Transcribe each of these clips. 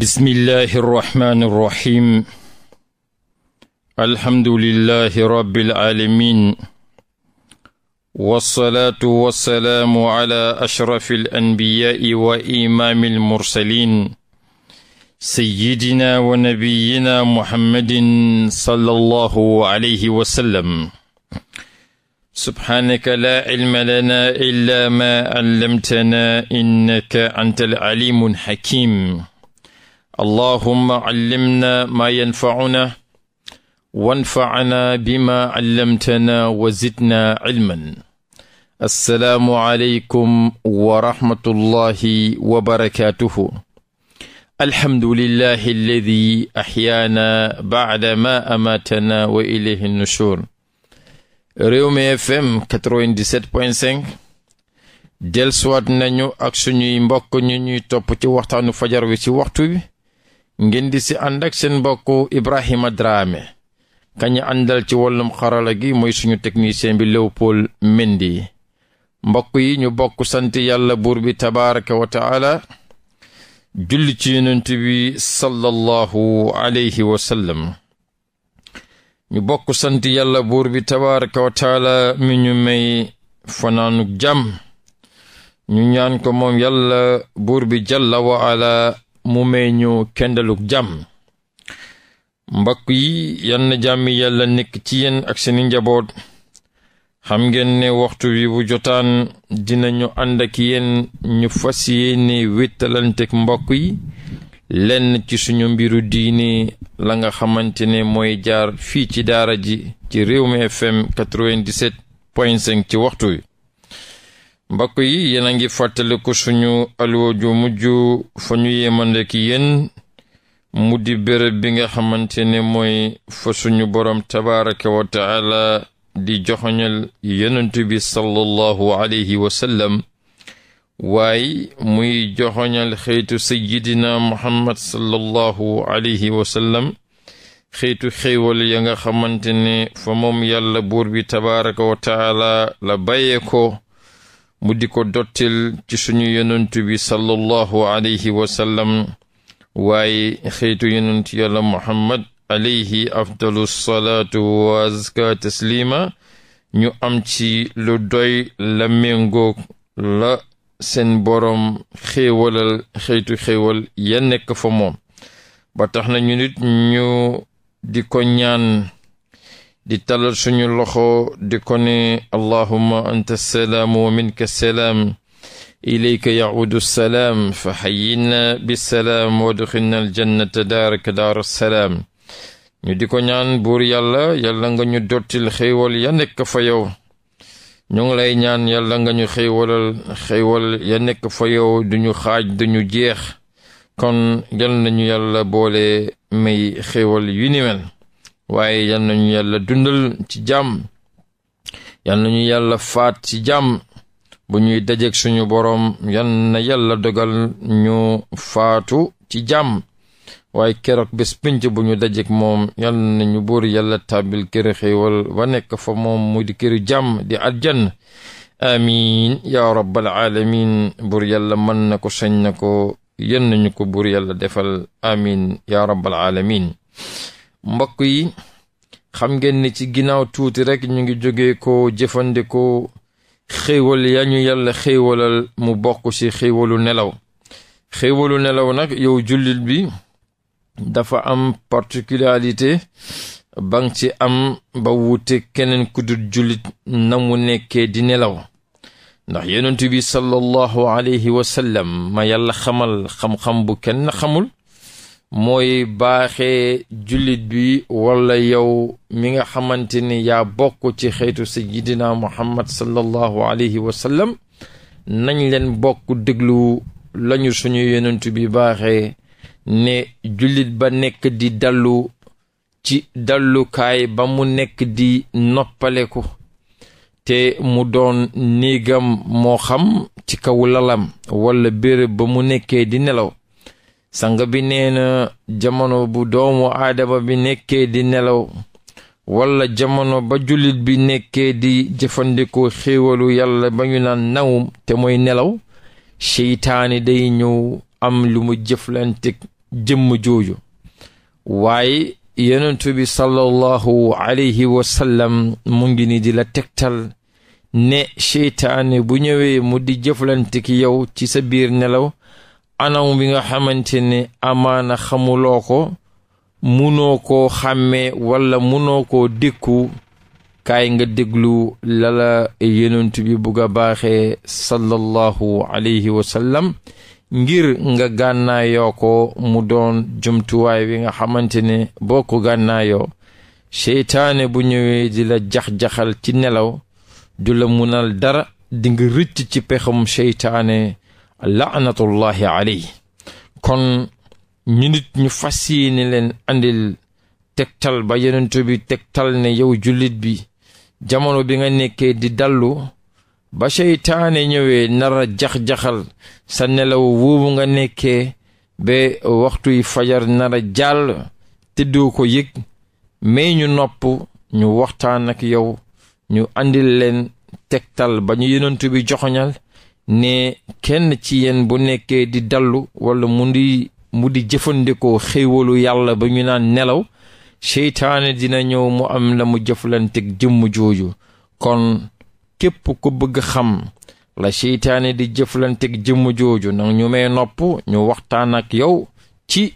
بسم الله الرحمن الرحيم الحمد لله رب العالمين والصلاة والسلام على أشرف الأنبياء وإمام المرسلين سيدنا ونبينا محمد صلى الله عليه وسلم سبحانك لا علم لنا إلا ما علمتنا إنك أنت العليم الحكيم allahumma callimna maa yanfacuna wanfacna bimaa callamtana wa zidna cilman assalaamu aleykum wa rahmatullahi wa barakaatuhu alhamdulillahi alladi axyaana bacda ma amaatana wa ilayhi nushur Rewmi FM 97.5 delsuwaat nañu ak suñuy mbokk ñu ñuy topp ci waxtaanu fajar wi ci waxtu bi ngeen di si ànd ak seen mbokk Ibrahima Dramé kañu àndal ci wàllum xarala gi mooy suñu technicien bi Léopold Mendy mbokk yi ñu bokk sant yàlla buur bi tabaraka julli ci yonent bi sallallahu alayhi wa ñu bokk sant yàlla buur bi tabaraka wa mi ñu may fanaanug jàmm ñu ñaan ko moom yàlla buur bi jalla wa mu may ñu kendaluk jàmm mbokk yi yan na jàmmi nekk ci yéen ak seeni njaboot xam ngeen ne waxtu wi bu jotaan dinañu ànd ak yéen ñu fas yéene wéttalanteek mbokk yi lenn ci suñu mbiru diine la nga xamante ne mooy jaar fii ci daara ji ci réew mi FM 97 point 5 ci waxtu wi mbokk yi yéen a ngi fàttaliku suñu alwo ju mujj fa ñu yéemande ki yéen mu di bërëb bi nga xamante ne mooy fa suñu boroom tabaraka wa di joxoñal yonent bi sallallahu alayhi wa waaye muy joxoñal xeetu sayidina muhammad sallallahu alayhi wa xeetu xéewal ya xamante ne fa moom yàlla buur bi tabaraka wa la bàyyee mu di ko dottil ci suñu yonent bi sallallahu alayhi wa sallam waaye xeetu yonent yàlla muhammad alayhi afdalu salaatu wa azka taslima ñu am ci lu doy la méngoog la seen boroom xéewalal xeetu xéewal ya nekk moom ba tax ñu nit ñu di ko ñaan di talal suñu loxo di ko ne allahumma anta salaamu wa minka salaam ilayka yacuudu salaam fa xayina bisalaam wadxilna aljannata daaraka daaru salaam ñu di ko ñaan buur yàlla yàlla nga ñu dottil xéewal ya nekk fa yow ñu ngi lay ñaan yàlla nga ñu xéewalal xéewal ya nekk fa yow duñu xaaj duñu jeex kon jël nañu yàlla boole may xéewal yu ni mel waaye yal nañu yàlla dundal ci jàmm yal nañu yàlla faat ci jàmm bu ñuy dajeeg suñu boroom yal na yàlla dogal ñu faatu ci jàmm waaye keroog bés pinc bu ñu dajeeg moom yal nañu buur yàlla tàbbil kër xéewal ba fa moom mu di jàmm di aljanna amiin yaa rabbal aalamiin buur yàlla mën na ko sañ na ko yal nañu ko buur yàlla defal amiin yaa rabbal aalamiin mbokk yi xam ngeen ni ci ginnaaw tuuti rekk ñu ngi jóge ko jëfandikoo xéewal ya ñu yàlla xéewalal mu bokk ci xéewalu nelaw xéewalu nelaw nag yow jullit bi dafa am particularité ba nga ci am ba wuute keneen ku dul jullit na mu nekkee di nelaw ndax yonent bi sallallahu alayhi wa ma yàlla xamal xam-xam bu kenn xamul mooy baaxe jullit bi walla yow mi nga xamante ni yaa bokk ci xeetu sayyidina muhammad sallallahu alayhi wa sallam nañ leen bokk déglu lañu suñu yonent bi baaxee ne jullit ba nekk di dallu ci dallukaay ba mu nekk di noppale ko te mu doon néegam moo xam ci kaw lalam walla béréb ba mu nekkee di nelaw sang bi nee na jamono bu doomu aadama bi nekkee di nelaw walla jamono ba jullit bi nekkee di jëfandikoo xéewalu yàlla ba ñu naan nawum te moy nelaw seytaane day ñëw am lu mu jëflante jëmm jooju waaye yonentu bi sallallahu alayhi wa mu ngi ni di la tegtal ne seytaane bu ñëwee mu di jëflante ki yow ci sa biir nelaw anaw bi nga xamante ne amaana xamuloo ko munoo koo xàmmee walla munoo koo dékku kay nga déglu lala yonent bi bugg a baaxee sallallahu alayhi wa ngir nga gànnaayoo ko mu doon jumtuwaay wi nga xamante ne boo ko gànnaayoo seytaane bu ñëwee di la jax-jaxal ci nelaw du la munal dara di nga rëcc ci pexam seytaane laanatullahi alayhi kon ñu nit ñu fas yéene leen andil tegtal ba yonent bi tegtal ne yow jullit bi jamono bi nga nekkee di dallu ba seytaane ñëwee nar a jax-jaxal sa nelaw woowu nga nekkee ba waxtuy fajar nar a jàll tëddoo ko yëg mais ñu nopp ñu waxtaan ak yow ñu andil leen tegtal ba ñu yonent bi joxoñal ne kenn ci yéen bu nekkee di dallu wala mu di mu di jëfandikoo xéewalu yàlla ba ñu naan nelaw seytaane dina ñëw mu am la mu jëflanteeg jëmm jooju kon képp ko bëgg xam la seytaane di jëflanteeg jëmm jooju nag ñu may nopp ñu waxtaan ak yow ci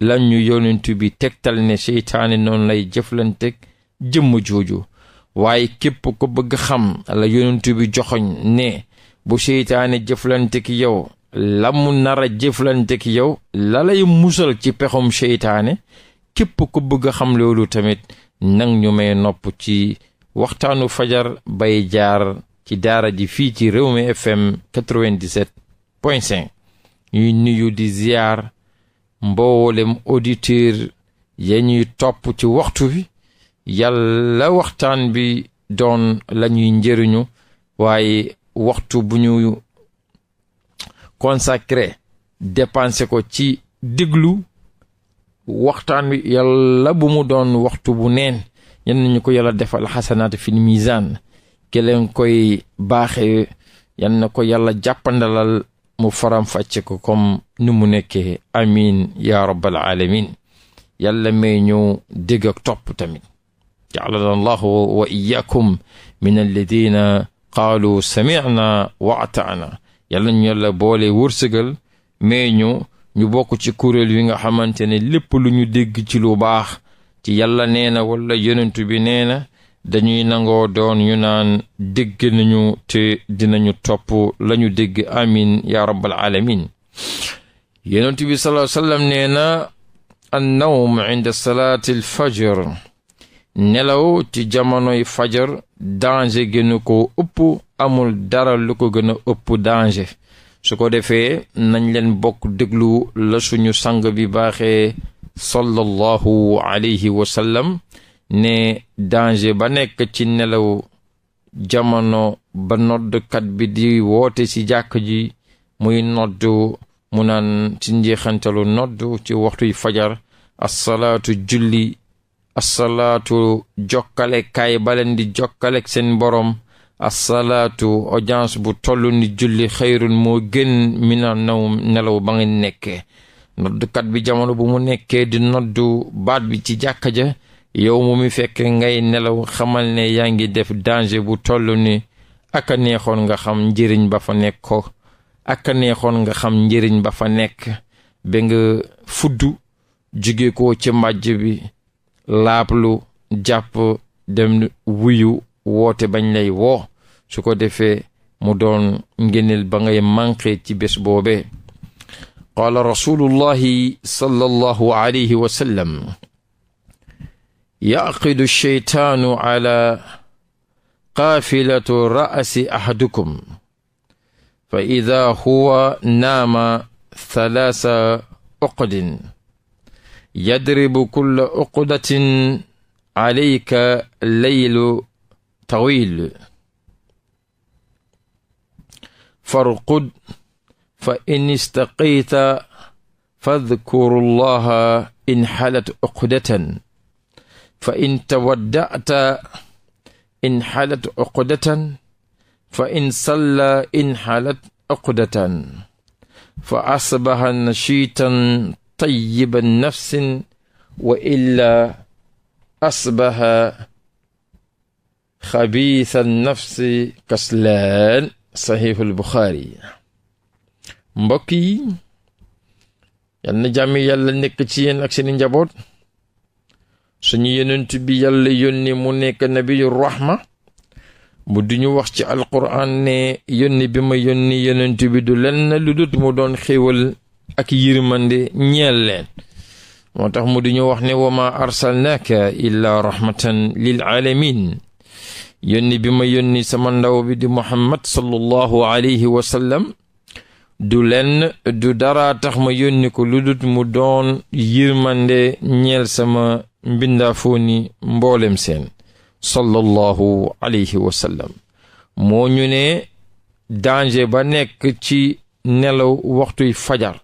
lan ñu yonent bi tegtal ne seytaane noonu lay jëflanteeg jëmm jooju waaye képp ku bëgg xam la yonent bi joxoñ ne bu seytaane jëflante ki yow lamu nara nar ki yow lalay lay musal ci pexum seytaane képp ko bëgg a xam loolu tamit nang ñu may nopp ci waxtaanu fajar bay jaar ci daara ji fii ci réew FM 97 point 5 ñuy nuyu di ziar mboolem auditeur ya ñuy topp ci waxtu bi yàlla waxtaan bi doon la ñuy njëriñu waaye waxtu bu ñu consacré dépensé ko ci déglu waxtaan wi yàlla bu mu doon waxtu bu neen ñen nañu ko yàlla defal xasanaat fi misaan koy baaxe yan na ko yàlla jàppandalal mu faram fàcce ko comme ni mu nekkee amin ya rabbal alamin yàlla may ñu dégg topp tamit jaalana allahu wa iyakum min alladina qaalu samina waataana yàlla ñu yàlla boole wërsëgal mais ñu ñu bokk ci kuréel yi nga xamante ni lépp lu ñu dégg ci lu baax ci yàlla nee na wala yonent bi nee na dañuy nangoo doon ñu naan dégg nañu te dinañu topp lañu dégg amin ya rabbal alamin yonent bi sallallahu alayhi wa sallam nee na annawm inda salaati alfajr nelaw ci jamonoy fajar danje gënu ko ëpp amul dara lu ko gën a ëpp danje su ko defee nañ leen bokk déglu la suñu sang bi baaxee sallallahu alayhi wa sallam ne danje ba nekk ci nelaw jamono ba noddkat bi di woote ci jàkk ji muy nodd mu naan ci njeexantalu nodd ci waxtuy fajar asalaatu julli asalaatu jokkale kaay baleen di jokkale seen borom salaatu audience bu toll ni julli xayrun moo gën mina naw nelaw ba nga nekkee noddukat bi jamono bu mu nekkee di noddu baat bi ci jàkka ja yow mu mi fekk ngay nelaw xamal ne yaa ngi def dange bu toll ni aka neexoon nga xam njëriñ ba fa nekk ko neexoon nga xam njëriñ ba fa nekk ba nga fudd jugee ko ci mbàjj bi laablu jàpp dem wuyu woote bañ lay woo su ko defee mu doon ngëneel ba ngay manqué ci bés boobee qaala rasulullahi sallallahu alayhi wa sallam yaqidu sheytaanu ala qaafilatu ra'si ahadukum fa ida huwa naama thalaasa uqdin yadribu kulla uqudatin alayka leylu tawil farqud fa in istaqayta fadkuru llaha in xalat uqdatan fa in tawadda'ta in xalat uqdatan fa in salla in xalat uqdatan fa asbaha nashiitan tayyiba nafsin wa illa asbaha xabiisa nafsi kaslaan saxiixul buxaari mbokk yi yal jàmm yàlla nekk ci yéen ak seeni njaboot suñu yonent bi yàlla yónni mu nekk nabiyu rahma bu duñu wax ci alquraan ne yónni bi ma yónni yonent bi du lenn lu dut mu doon xéwal ak yërmande ñeel leen moo tax mu duñu wax ne wa maa arsalnaaka illaa rahmatan lil aalamin yónni bi ma yónni sama ndaw bi di muhammad sallallahu alayhi wa du lenn du dara tax ma yónni ko lu dut mu doon yërmande ñeel sama mbindaafooni mboolem seen sallallahu alayhi wa sallam moo ñu ne danger ba nekk ci nelaw waxtuy fajar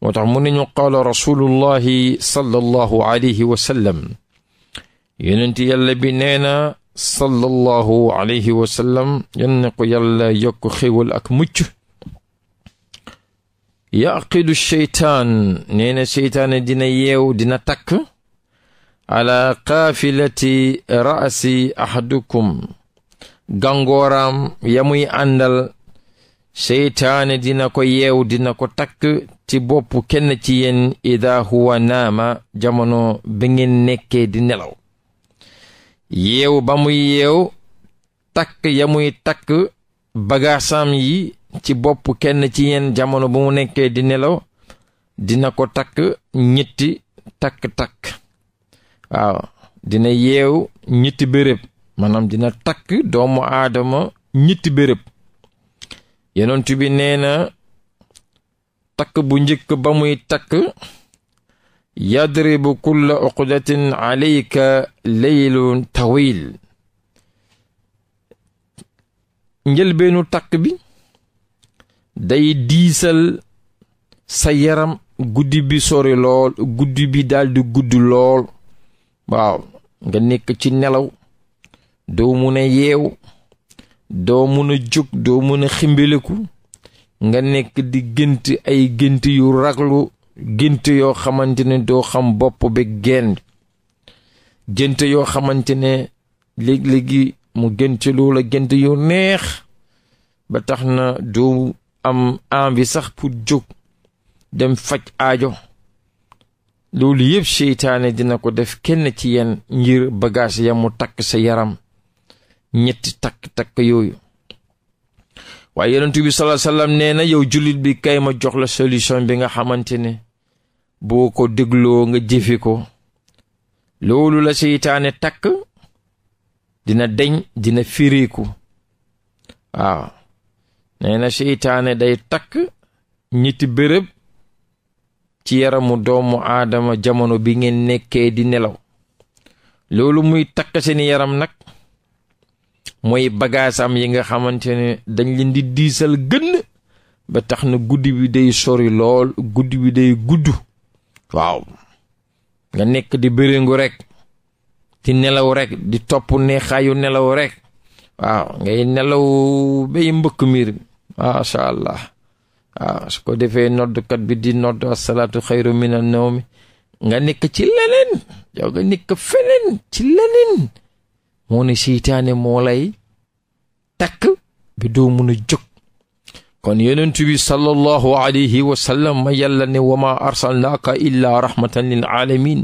moo tax mu ne ñu qaala rasulullahi sallallahu alayhi wa sallam yonent yàlla bi nee na sallallahu alayhi wa sallam yan na ko yàlla yokk xéwal ak mucc yaqidu sheytaan nee na dina yeew dina takk ala qaafilati raasi ahadukum gàngooraam ya muy àndal seytaane dina ko yew dina ko takk ci bopp kenn ci yéen ida huwa naama jamono bi ngeen nekkee di nelaw yeew ba muy yeew takk ya muy takk bagaasam yi ci boppu kenn ci yenn jamono bu mu nekkee di nelaw dina ko takk ñetti takk-takk waaw dina yeew ñetti béréb maanaam dina takk doomu aadama ñetti béréb yonent bi nee na takk bu njëkk ba muy takk yadribu kulla uqdatin alayka leylun tawil njëlbeenu takk bi day diisal sa yaram guddi bi sori lool guddi bi daldi gudd lool waaw nga nekk ci nelaw doo mun yeew doo mun a jóg doo mun a nga nekk di gént ay gént yu raglu gént yoo xamante ne doo xam bopp bi génn gént yoo xamante ne léeg-léegi mu gént loola gént yu neex ba tax na doo am envie sax put jóg dem faj aajo loolu yëpp seytaane dina ko def kenn ci yenn ngir bagage ya mu takk sa yaram ñetti takk-takk yooyu waa yonent bi sallallahu nee na yow jullit bi kay ma jox la solution bi nga xamante ne boo ko dégloo nga jëfe ko loolu la seytaane takk dina deñ dina firiku waaw nee na seytaane day takk ñetti bërëb ci yaramu doomu aadama jamono bi ngeen nekkee di nelaw loolu muy takk seeni yaram nag mooy bagaasam yi nga xamante ne dañ leen di diisal gën ba tax na guddi bi day sori lool guddi bi day gudd waaw nga nekk di bëringu rekk di nelaw rek di topp neexaayu nelaw rekk waaw ngay nelaw bay mbëkk miir bi macha allah waaw su ko defee noddukat bi di nodd asalaatu xayru min an nawmi nga nekk ci leneen yow nga nekk feneen ci leneen moo ne seytaane moo lay takk bi doo mun a jóg kon yonent bi alayhi wa sallam ma yàlla ne wa maa arsalnaaka illaa rahmatan lil aalamin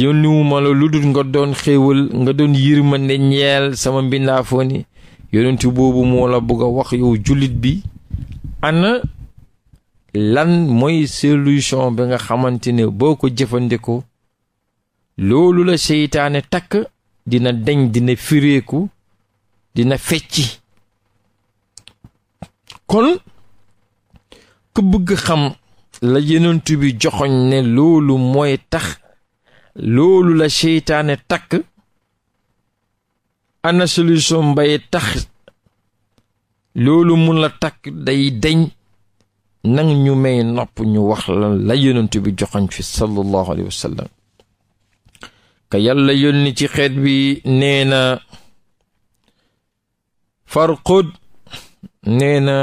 yónniwuma la lu nga doon xéewal nga doon yërmande ñeel sama mbindaafoo ni yonent boobu moo la bëgg a wax yow jullit bi ana lan mooy solution bi nga xamante ne boo ko jëfandikoo loolu la seytaane takk dina deñ dina fireeku dina fecci kon ku bëgg xam la yenent bi joxoñ ne loolu mooy tax loolu la seytaane takk ana solution tax loolu mun la takk day deñ nang ñu may nopp ñu wax la la yenent bi joxoñ fi sallallahu alayhi wa ka yàlla yónni ci xeet bi nee na farqud nee na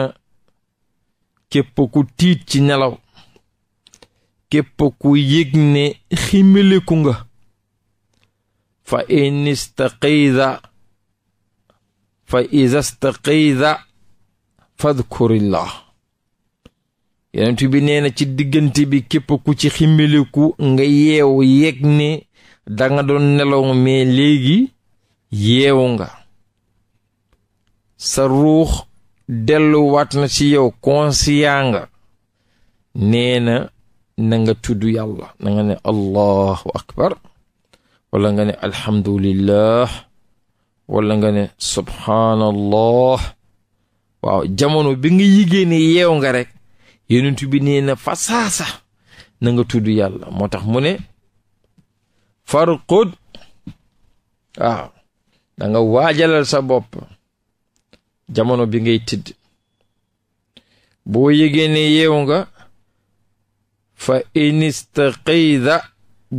képp ku tiit ci nelaw képp ku yëg ne ximiliku nga fa in istaqida fa iza istaqida fadkurillah yonent bi nee na ci diggante bi képp ku ci ximiliku nga yeew yëg da doon nelaw mais léegi yeewu nga sa ruux delluwaat na ci yow conscient nga nee na na nga tudd yàlla nanga nga ne allahu akbar wala nga ne alhamdulillah wala nga ne subhaanallah waaw jamono bi nga yigée ne yeew nga rekk yonent bi nee na fasaasa na nga tudd yàlla moo tax mu ne farqud waaw da nga waajalal sa bopp jamono bi ngay tëdd boo yëgee yeewu nga fa inistaqida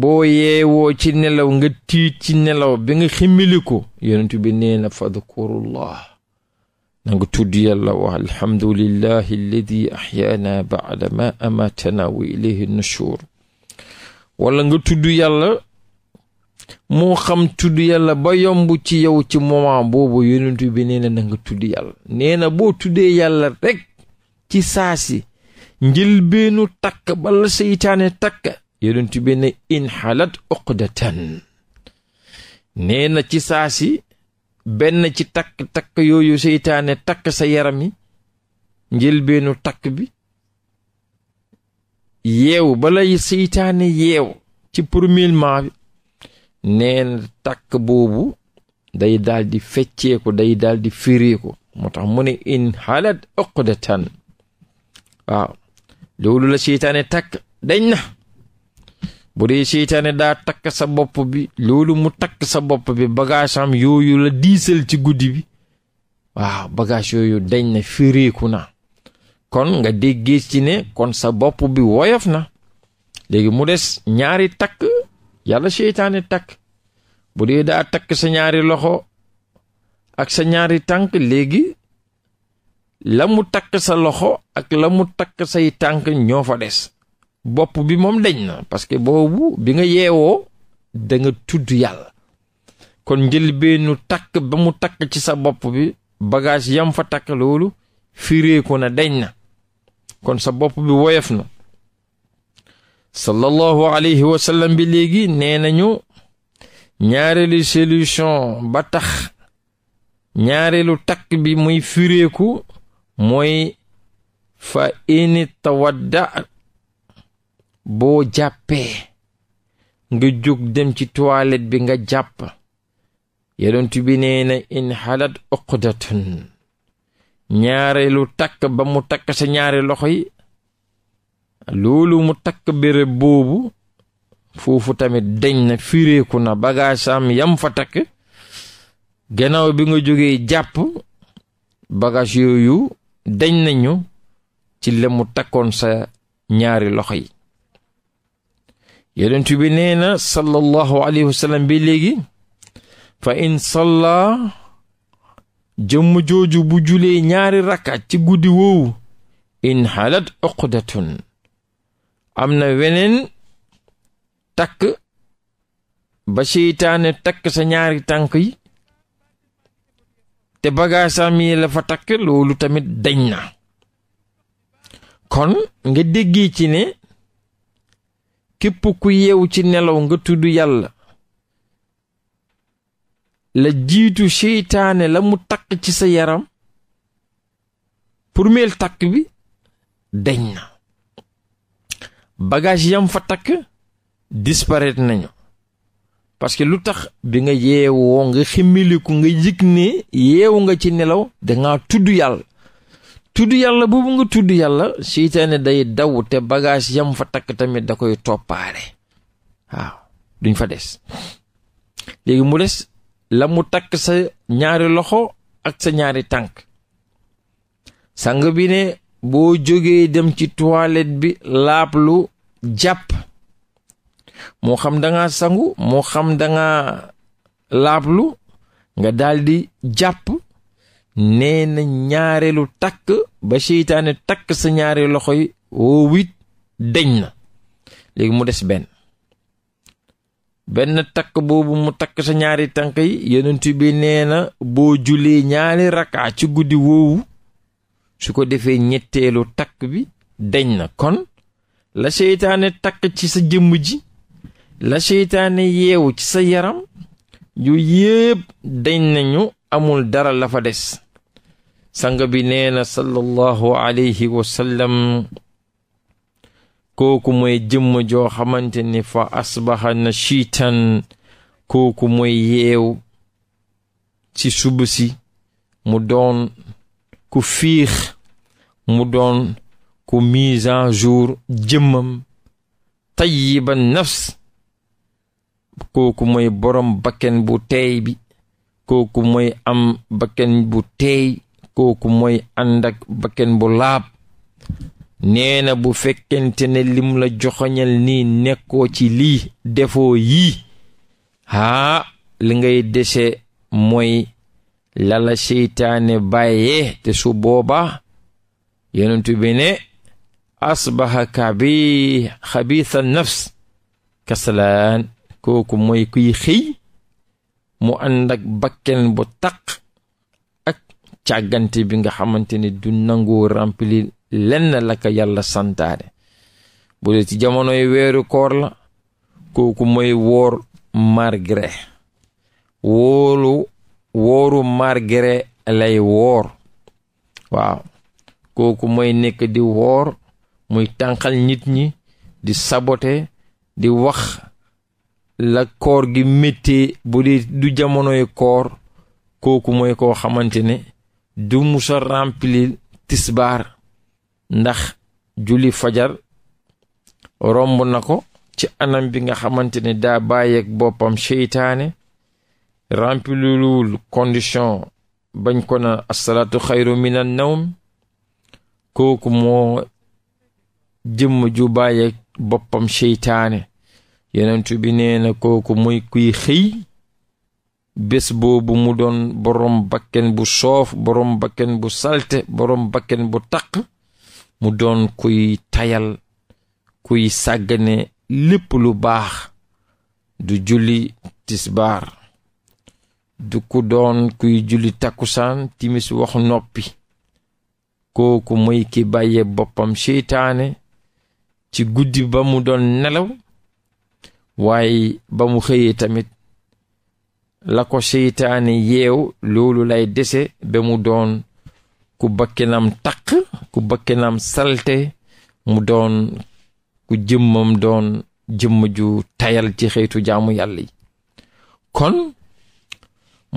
boo yeewoo ci nga tiit ci nelaw bi nga ximmiliku yonent bi fa na fadkurullah nanga tudd yàlla wax alhamdulillahi alladi axyaana baada ma amatana wa nga tudd yàlla moo xam tudd yàlla ba yomb ci yow ci moment boobu yonent bi nee na tudd yàlla nee na boo tuddee yàlla rek ci saasi njëlbeenu takk bala seytaane takk yonent bi ne inhalat uqdatan nee na ci saasi benn ci takk-takk yooyu seytaane takk sa yaram yi njëlbeenu takk bi yeew bala seytaane yeew ci premièrement bi neen takk boobu day daal di fecceeku day daal di firiiku moo tax mu ne in xalat uqdatan waaw loolu la seytaane takk dañ na bu dee seytaane daa takk sa bopp bi loolu mu takk sa bopp bi bagage am yooyu la diisal ci guddi bi waaw bagage yooyu dañ na firiiku na kon nga déggee ci ne kon sa bopp bi woyof na léegi mu des ñaari takk yàlla seytaane takk bu dee daa takk sa ñaari loxo ak sa ñaari tànk léegi la mu takk sa loxo ak la mu takk say tànk ñoo fa des bopp bi moom deñ na parce que boobu bi nga yeewoo da nga tudd yàlla kon njëlbeenu takk ba mu takk ci sa bopp bi bagage yam fa takk loolu fireeku na deñ na kon sa bopp bi woyof na sallallahu alayhi bi léegi nee nañu ñaareelu solution ba tax ñaareelu takk bi muy fireeku mooy fa ini tawadda boo jàppee nga jóg dem ci toilette bi nga jàpp yonent bi nee na in halat uqdatun ñaareelu takk ba mu takk sa loxo yi loolu mu takk béréb boobu foofu tamit dañ na fireeku na bagage yam fa takk gannaaw bi nga jógee jàpp bagage yooyu dañ nañu ci la takkoon sa ñaari loxo yi yonent bi nee na sallallahu alayhi wasallam bi léegi fa in salla jëmm jooju bu julee ñaari rakkat ci guddi woowu in halat uqdatun am na weneen takk ba seytaane takk sa ñaari tànk yi te bagaasam yi la fa takk loolu tamit dañ na kon nga déggee ci ne képp ku yeewu ci nelaw nga tudd yàlla la jiitu seytaane la mu takk ci sa yaram pour takk bi dañ na bagage yam fa takk disparaître nañu parce que lu tax bi nga yeewoo nga ximmiliku nga yëg ne yeewu nga ci nelaw danga tudd yàlla tudd yàlla boobu nga tudd yàlla seytaane day daw te bagage yam fa takk tamit da koy toppaare waaw duñ fa des léegi mu des la mu takk sa ñaari loxo ak sa ñaari tànk sang bi ne boo jógee dem ci toilette bi laablu jàpp moo xam danga sangu moo xam danga laablu nga daldi jàpp nee na ñaareelu takk ba seytaane takk sa ñaari loxo yi woowu it deñ na léegi mu des benn benn takk boobu mu takk sa ñaari tànk yi yonent bi nee na boo julee ñaari rakaa ci guddi woowu su ko defee ñetteelu takk bi dañ na kon la seytaane takk ci sa jëmm ji la seytaane yeewu ci sa yaram yu yépp dañ nañu amul dara la fa des sang bi nee na sallallahu alayhi wa kooku mooy jëmm joo xamante ni fa asbaha na shiitan kooku mooy yeewu ci suba si mu doon ku fiix mu doon ku mise à jour jëmmam tayyiba nafs kooku mooy borom bakken bu teey bi kooku mooy am bakken bu teey kooku mooy ànd ak bakken bu laab nee bu fekkente ne lim la joxoñal nii nekkoo ci lii defoo yii haa li ngay dese mooy la la seytaane bàyyee te su booba yonentu bi ne asbaha kabi xabiisa nafs kasalaan kooku mooy kuy xëy mu ànd ak bakken bu taq ak càggante bi nga xamante ne du nangoo remplir lenn la ko yàlla santaane bu dee ci jamonoy weeru koor la kooku mooy woor malgré woolu wooru margere lay woor waaw kooku mooy nekk di woor muy tànqal nit ñi di sabote di wax la koor gi méttee bu dee du jamonoy koor kooku mooy koo xamante ne du musa remplir tisbaar ndax julli fajar romb na ko ci anam bi nga xamante ne daa bàyyeek boppam seytaane rempilul condition bañ ko na asalaatu xayru minan nawm kooku moo jëmm ju bàyye boppam seytaane yenentu bi nee kooku muy kuy xëy bés boobu mu doon boroom bakken bu soof boroom bakken bu salte boroom bakken bu taq mu doon kuy tayal kuy sàggane lépp lu baax du julli tisbaar du ku doon kuy julli takkusaan timis waxu noppi kooku mooy ki bàyyee boppam seytaane ci guddi ba mu doon nelaw waaye ba mu xëyee tamit la ko seytaane yeew loolu lay dese ba mu doon ku bakkenam taq ku bakkenam salte mu doon ku jëmmam doon jëmm ju tayal ci xeetu jaamu yàlla yi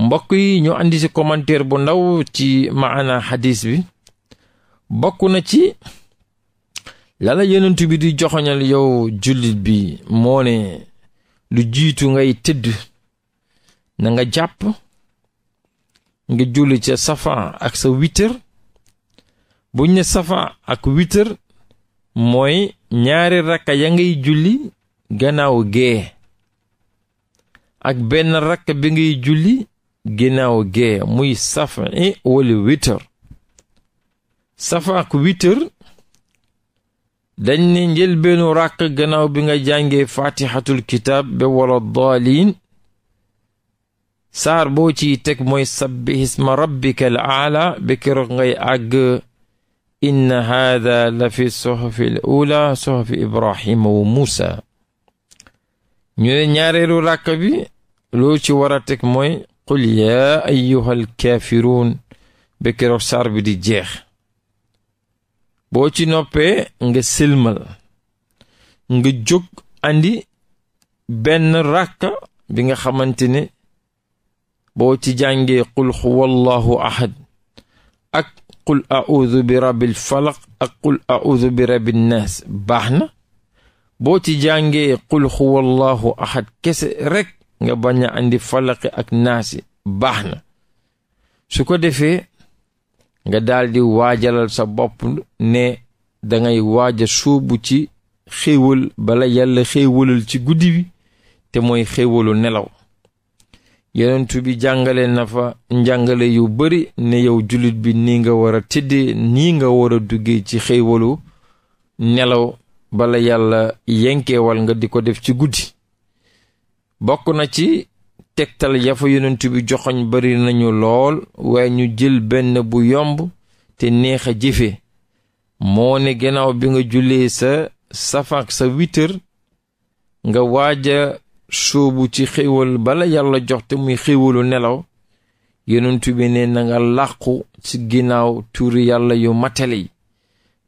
mbokk yi ñoo andi si commentaire bu ndaw ci maana hadis bi bokk na ci lala yonent bi di joxoñal yow jullit bi moo ne lu jiitu ngay tëdd na nga jàpp nga julli ca safa ak sa witër buñ ne safa ak witër mooy ñaari rakka ya ngay julli gannaaw gee ak benn rakka bi ngay julli ginnaaw gee muy safi dañ ne njëlbeenu ràkk gannaaw bi nga jàngee faatixatul kitaab be saar boo ci teg moy sabbih isma rabbika al aala be keroog ngay àgg inna haada la fi soxofi al ula soxofi wa muusa ñu ne ñaareelu bi loo ci war a teg mooy qul yaa ayyuhal kaafiruun ba keroog saar bi di jeex boo ci noppee nga silmal nga jóg andi benn ràkk bi nga xamante ne boo ci jàngee qul huwallahu ahad ak qul audu bi rabbil falaq ak qul audu bi rabbin naas baax boo ci jàngee qul huwallahu ahad kese rekk nga bañ a indi falaqi ak naasi baax na su ko defee nga daldi waajalal sa bopp ne dangay waaja suubu ci xéewal bala yàlla xéewalal ci guddi bi te mooy xéewalu nelaw yonent bi jàngale na fa njàngale yu bari ne yow jullit bi ni nga war a tëddee nii nga war a dugge ci xéewalu nelaw bala yàlla yenkeewal nga di ko def ci guddi bokk na ci tegtal yafa yonent bi joxoñ bari nañu lool waaye ñu jël benn bu yomb te neex a jëfe moo ne gannaaw bi nga jullee sa safak sa witër nga waaja sóobu ci xéwal bala yàlla jox te muy xéwalu nelaw yonent bi ne na làqu ci ginnaaw tuuru yàlla yu matale yi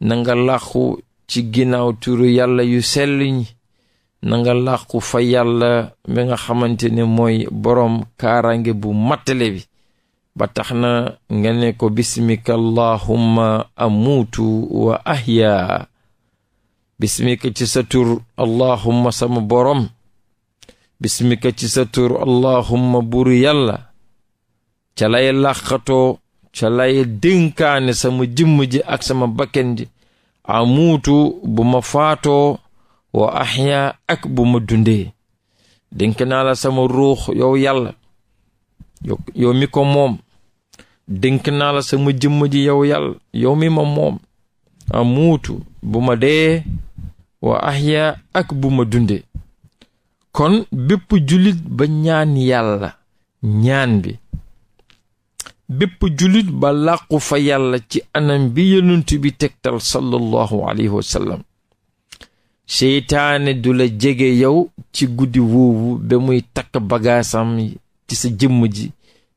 na làqu ci ginnaaw tuuri yàlla yu sell nanga nga fa yàlla mi nga xamante ne mooy boroom kaaraange bu mattale bi ba tax na nga ne ko bismika allahumma muutu wa ahya bismika ci sa tur sama boroom bismika ci sa tur buru yàlla ca lay làqatoo ca lay sama jëmm ji ak sama bakken bu ma faatoo wa axya ak bu ma dundee dénk naa la sama ruux yow yàlla yow mi ko moom dénk naa la sama jëmm yow yàlla yow mi ma moom amuutu bu ma dee wa axya ak bu ma dundee kon bépp jullit ba ñaan yàlla ñaan bi bépp jullit ba làqu fa yàlla ci anam bi yonent bi tegtal sallallahu alayhi wa seytaane du la jege yow ci guddi woowu ba muy takk bagaasam ci sa jëmm ji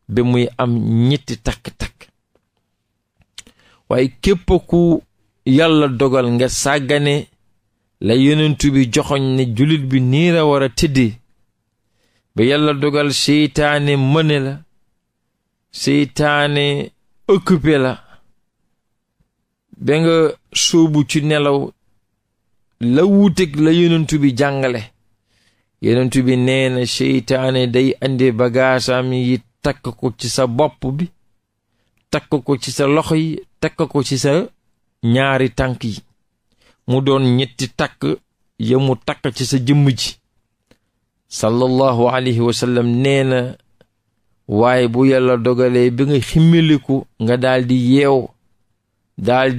ba muy am ñetti takk-takk waaye képp ku yàlla dogal nga sàggane la yonentu bi joxoñ ne jullit bi niir a war a tëddee ba yàlla dogal seytaane mëne la seytaane occupé la ba nga sóobu ci nelaw la wuuteg la yonentu bi jàngale yonentu bi nee na seytaane day andi bagaasam yi takk ko ci sa bopp bi takk ko ci sa loxo yi takk ko ci sa ñaari tànk yi mu doon ñetti takk ya mu takk ci sa jëmm ji sallallahu alayhi wa nee na waay bu yàlla dogalee bi nga ximmiliku nga daldi yeew daal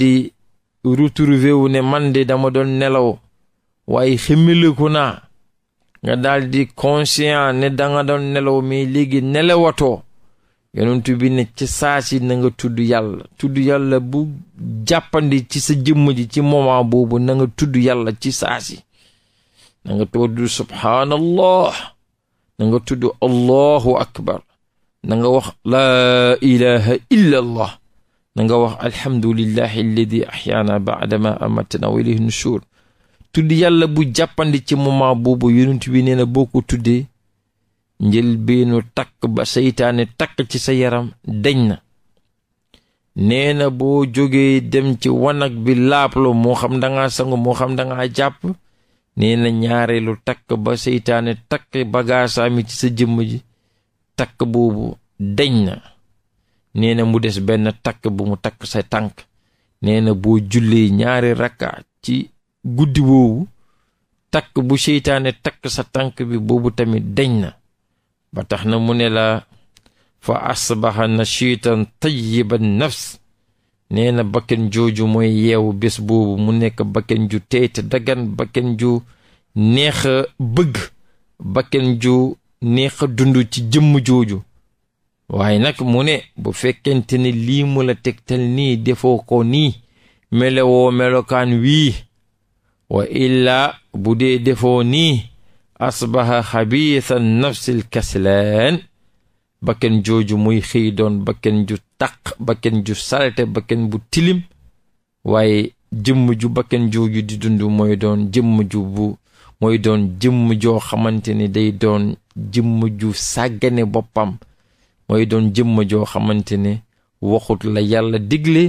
retrouvé wu ne man de dama doon nelaw waaye xëmmiliku naa nga daldi di ne danga doon nelaw mais léegi nelawatoo yonent bi ne ci saasi na nga tudd yàlla tudd yàlla bu jàppandi ci sa jëmm ji ci moment boobu na nga tudd yàlla ci saasi na nga tudd subhaanallah na nga tudd allahu akbar na nga wax laa ilaha illa na nga wax alhamdulillahi alladi ahyaana baadama amatana wa ilayhi nushur tudd yàlla bu jàppandi ci moment boobu yonent bi nee na boo ko tuddee njëlbeenu takk ba seytaane takk ci sa yaram deñ na nee na boo jógee dem ci wanag bi laaplo moo xam dangaa sangu moo xam dangaa jàpp nee na ñaareelu takk ba seytaane takk bagaasaami ci sa jëmm ji takk boobu deñ na neena mu des benn takk bu mu takk sa tànk neena na boo jullee ñaari rakka ci guddi boobu takk bu seytaane takk sa tànk bi boobu tamit deñ na ba tax na mu ne la fa asbaha nashitan tayyiban nafs nee na bakken jooju mooy yeewu bés boobu mu nekk bakken ju teete dagan bakken ju neex bëgg bakken ju neex dund ci jëmm jooju waaye nag mu ne bu fekkente ne lii mu nii defoo ko nii melewoo melokaan wii wa illaa bu dee defoo nii asbaha xabiisa nafsil kaslaan bakken jooju muy xëy doon bakken ju taq bakken ju salte bakken bu tilim waaye jëmm ju bakken jooju di dund mooy doon jëmm bu mooy doon jëmm joo xamante ne day doon jëmm ju sàggane boppam mooy doon jëmma joo xamante ne waxut la yàlla digle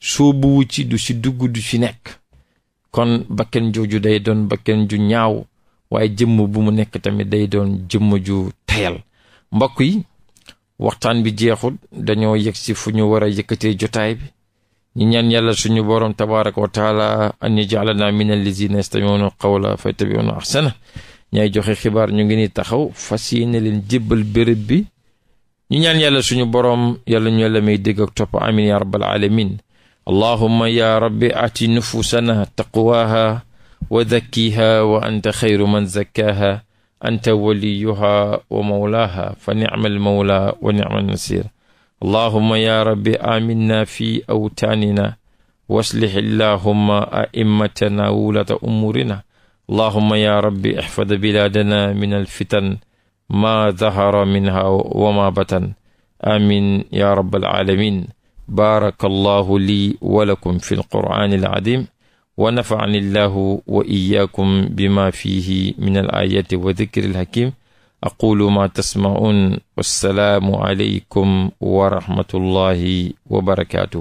soobuwu ci du ci dugg du ci nekk kon bakken jooju day doon bakken ju ñaaw waaye jëmm bu mu nekk tamit day doon jëmm ju tayal mbokk yi waxtaan bi jeexul dañoo yegg ci fu ñu war a yëkkatee jotaay bi ñu ñaan yàlla suñu borom tabaraka wa taala an yajalana min allazina yastamiuna qawla fa yattabiuna ahsana ñay joxe xibaar ñu ngi ni taxaw fas yéene leen jébbal béréb bi ñu ñaan yàlla suñu boroom yàlla ñu yàlla may dégg ak topp amin ya rabbal alamin allahumma ya rabbi ati nufusana taqwaha wa zakkiha wa anta xayru man zakkaha anta waliyuha wa mawlaha fa nicma almawla wa nicma alnasir allahumma ya rabbi aminna fi awtaanina wa aslih allahumma aimmatana wulata umurina allahumma ya rabbi ixfad bilaadana min alfitan ma dahara minha wa ma batan amin ya rabbal alamin baraka allahu lii wa lakum fi alqur'ani aladim wa nafa'ani allahu wa iyyakum bima fihi min alayati wa dhikri alhakim aqulu ma tasma'un wassalaamu alaykum wa rahmatullahi wa barakatuhu